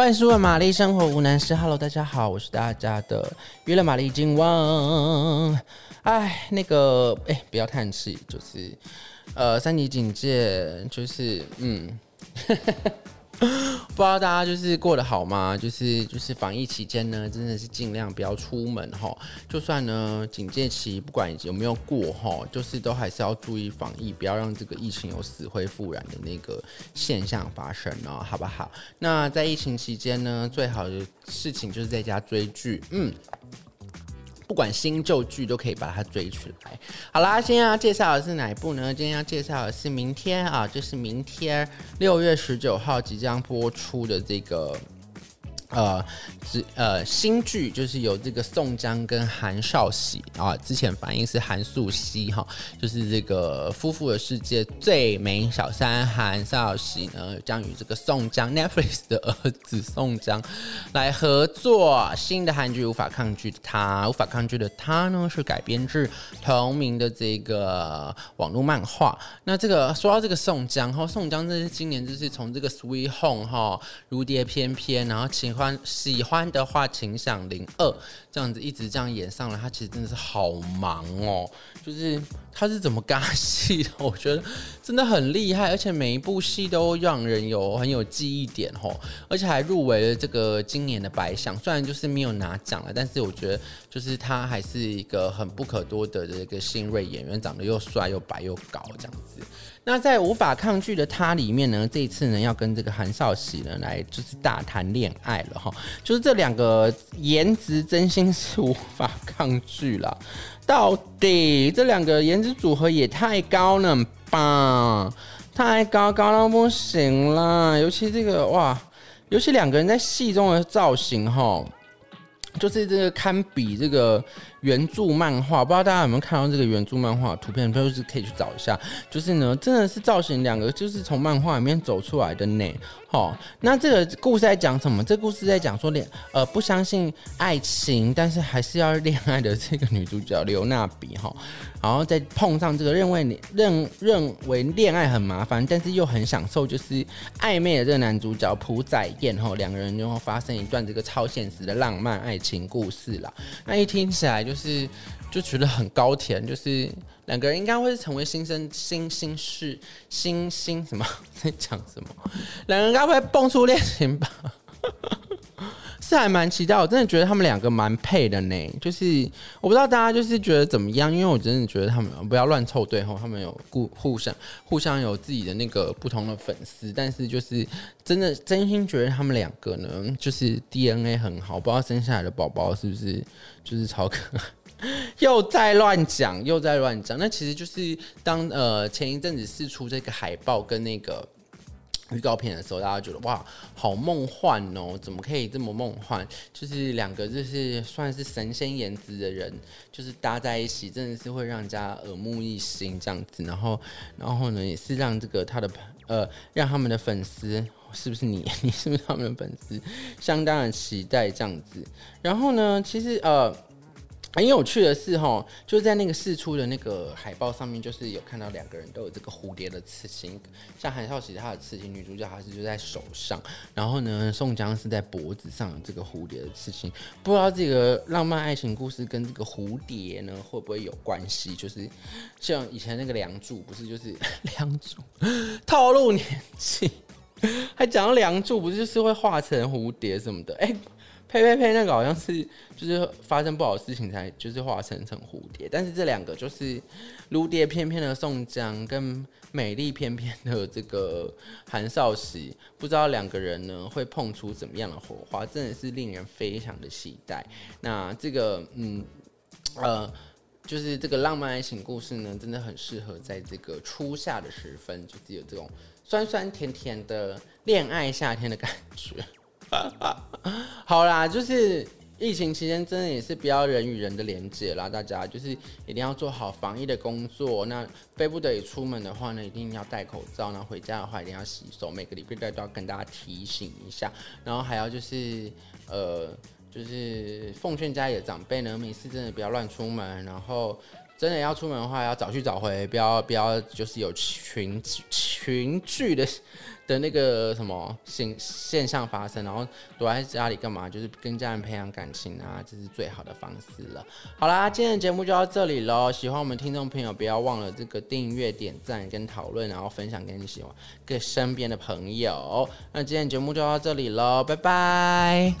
歡迎收看瑪麗生活無難事。哈嘍，大家好，我是大家的娛樂瑪麗金旺。哎，那個，哎、欸，不要嘆氣，就是，呃，三級警戒，就是，嗯。 不知道大家就是過得好嗎？就是就是防疫期間呢，真的是盡量不要出門齁。就算呢警戒期不管有沒有過齁，就是都還是要注意防疫，不要讓這個疫情有死灰復燃的那個現象發生哦，好不好？那在疫情期間呢，最好的事情就是在家追劇。嗯。不管新舊劇都可以把它追起來。好啦，今天要介紹的是哪一部呢？今天要介紹的是明天啊，就是明天六月十九號即將播出的這個。呃，是呃，新劇就是由這個宋江跟韓韶禧，啊，之前反應是韓素希哈，就是這個夫婦的世界最美小三韓韶禧呢，將與這個宋江 Netflix 的兒子宋江來合作新的韓劇《無法抗拒的他》，無法抗拒的他呢，是改編自同名的這個網絡漫畫。那這個說到這個宋江哈，宋江這是今年就是從這個 Sweet Home 哈、哦，如蝶翩翩翩，然後請。歡喜歡的話，請響02，這樣子一直這樣演上來，他其實真的是好忙哦，就是他是怎麼尬戲的，我覺得真的很厲害，而且每一部戲都讓人有很有記憶點哦，而且還入圍了這個今年的百想，雖然就是沒有拿獎了，但是我覺得就是他還是一個很不可多得的一個新銳演員，長得又帥又白又高這樣子。那在無法抗拒的他裡面呢，這一次呢要跟這個韓韶禧呢來就是大談戀愛。就是這兩個顏值，真心是無法抗拒了。到底這兩個顏值組合也太高了吧？太高，高到不行了，尤其這個哇，尤其兩個人在戲中的造型哈，就是這個堪比這個。原著漫畫，不知道大家有沒有看到這個原著漫畫圖片，都是可以去找一下。就是呢，真的是造型兩個就是從漫畫裡面走出來的呢。好，那這個故事在講什麼？這故事在講說戀呃不相信愛情，但是還是要戀愛的這個女主角劉娜比哈，然後再碰上這個認為戀認認為戀愛很麻煩，但是又很享受就是曖昧的這個男主角朴宰彥哈，兩個人就會發生一段這個超現實的浪漫愛情故事了。那一聽起來。就是就覺得很高甜，就是兩個人應該會成為新生新新世新新,新什麼在講什麼，兩個人應該會蹦出戀情吧。是還蠻期待的，我真的覺得他們兩個蠻配的呢。就是我不知道大家就是覺得怎麼樣，因為我真的覺得他們不要亂湊對吼，他們有互互相互相有自己的那個不同的粉絲，但是就是真的真心覺得他們兩個呢，就是 DNA 很好，我不知道生下來的寶寶是不是就是超可愛。又在亂講，又在亂講。那其實就是當呃前一陣子釋出這個海報跟那個。預告片的時候，大家覺得哇，好夢幻哦！怎麼可以這麼夢幻？就是兩個，就是算是神仙顏值的人，就是搭在一起，真的是會讓人家耳目一新這樣子。然後，然後呢，也是讓這個他的朋呃，讓他們的粉絲，是不是你？你是不是他們的粉絲？相當的期待這樣子。然後呢，其實呃。很有趣的是，哈，就在那個釋出的那個海報上面，就是有看到兩個人都有這個蝴蝶的刺青。像韓韶禧，他的刺青，女主角還是就在手上，然後呢，宋江是在脖子上有這個蝴蝶的刺青。不知道這個浪漫愛情故事跟這個蝴蝶呢會不會有關係？就是像以前那個梁祝，不是就是梁祝套路年紀，還講到梁祝，不是就是會化成蝴蝶什麼的？哎、欸。呸呸呸！佩佩佩那個好像是就是發生不好的事情才就是化成成蝴蝶，但是這兩個就是如蝶翩翩的宋江跟美麗翩翩的這個韓韶禧，不知道兩個人呢會碰出怎麼樣的火花，真的是令人非常的期待。那這個嗯呃，就是這個浪漫愛情故事呢，真的很適合在這個初夏的時分，就是有這種酸酸甜甜的戀愛夏天的感覺。 好啦，就是疫情期間，真的也是不要人與人的連接啦。大家就是一定要做好防疫的工作。那非不得已出門的話呢，一定要戴口罩。那回家的話，一定要洗手。每個禮拜都要跟大家提醒一下。然後還要就是，呃，就是奉勸家裡的長輩呢，沒事真的不要亂出門。然後。真的要出門的話，要早去早回，不要不要就是有群群聚的的那個什麼現現象發生，然後躲在家裡幹嘛？就是跟家人培養感情啊，這是最好的方式了。好啦，今天的節目就到這裡嘍。喜歡我們聽眾朋友，不要忘了這個訂閱、點贊跟討論，然後分享給你喜歡跟身邊的朋友。那今天的節目就到這裡嘍，拜拜。